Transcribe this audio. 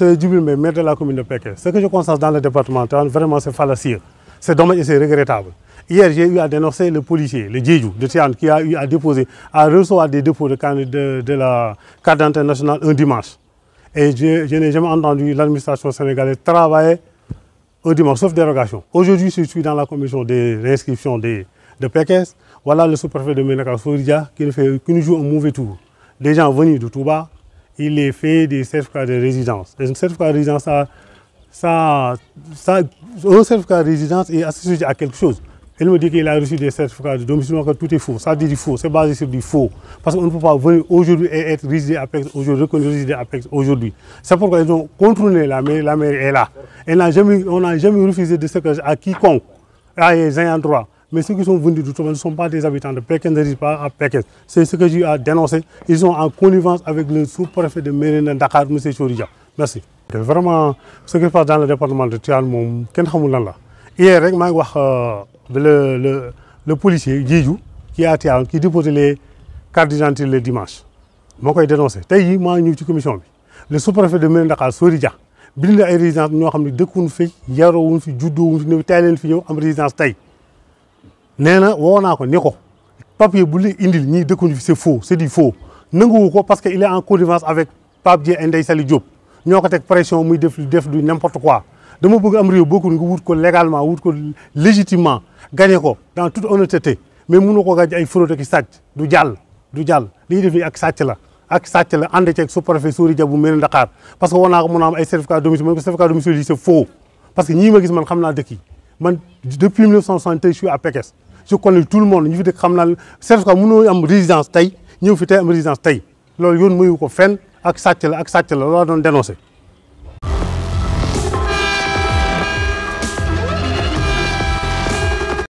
C'est Djibril Mbaye, maire de la commune de Pékesse. Ce que je constate dans le département, vraiment c'est fallacieux. C'est dommage et c'est regrettable. Hier, j'ai eu à dénoncer le policier, le Djedjou de Tian, qui a eu à déposer, à recevoir des dépôts de, de, de la carte internationale un dimanche. Et je, je n'ai entendu l'administration sénégalaise travailler un dimanche, sauf dérogation. Aujourd'hui, je suis dans la commission des réinscriptions de, de Pékesse. le sous-préfet de Ménaka il est fait des certificats de résidence. Et un certificat de résidence, ça, ça, ça, un certificat de résidence est associé à quelque chose. Elle me dit qu'il a reçu des certificats de domicile, que tout est faux. Ça dit du faux, c'est sur du faux. Parce qu'on ne peut pas venir aujourd'hui et être résident APEX aujourd'hui, reconnu résident APEX aujourd'hui. C'est pourquoi ils est là. Elle mais ceux qui sont venus du Toubel ne sont pas des habitants de Pékin, ne pas à Pékin. C'est ce que en connivence avec le sous-préfet de Mérina Dakar, M. Chouria. Merci. Vraiment, ce qui se passe dans le département de Tian, je ne sais Hier, euh, le, le, le policier, Djidjou, qui a Tian, qui déposait les cartes d'identité le dimanche. Je l'ai dénoncé. Aujourd'hui, je suis venu commission. Le sous-préfet de Mérina Dakar, Chouria, bind ay résidence ñoo xam ne dëkkuwuñ fi yarowuñ fi juddoowuñ fi ñëw tey leen fi ñëw am résidence tey nee na woo naa ko ni ko papier bu la indil ñiy dëkkuñu fi c'est faux c'est du faux nanguwu ko parce que il est en connivence avec Pape Dieng et Ndeye Saly Diop ñoo teg pression muy def def du n'importe quoi dama bëgg am réew bokkul nga wut ko légalement wut ko légitimement gagné ko dans toute honnêteté mais mënu ko gàj ay fraude ki sàcc du jàll du jàll li ñuy def nii ak sàcc la ak sàcc la ànd ceeg sous-préfet Souri Dia bu mel ni Dakar naa ko mun a am ay certificat domicile man ko certificat je connais tout le monde ñu fi dëkk xam naa certificat mënoo am résidence tey ñëw fi tey am résidence tey loolu yoon mayu ko fen ak sàcc la ak sàcc la loola doon dénoncé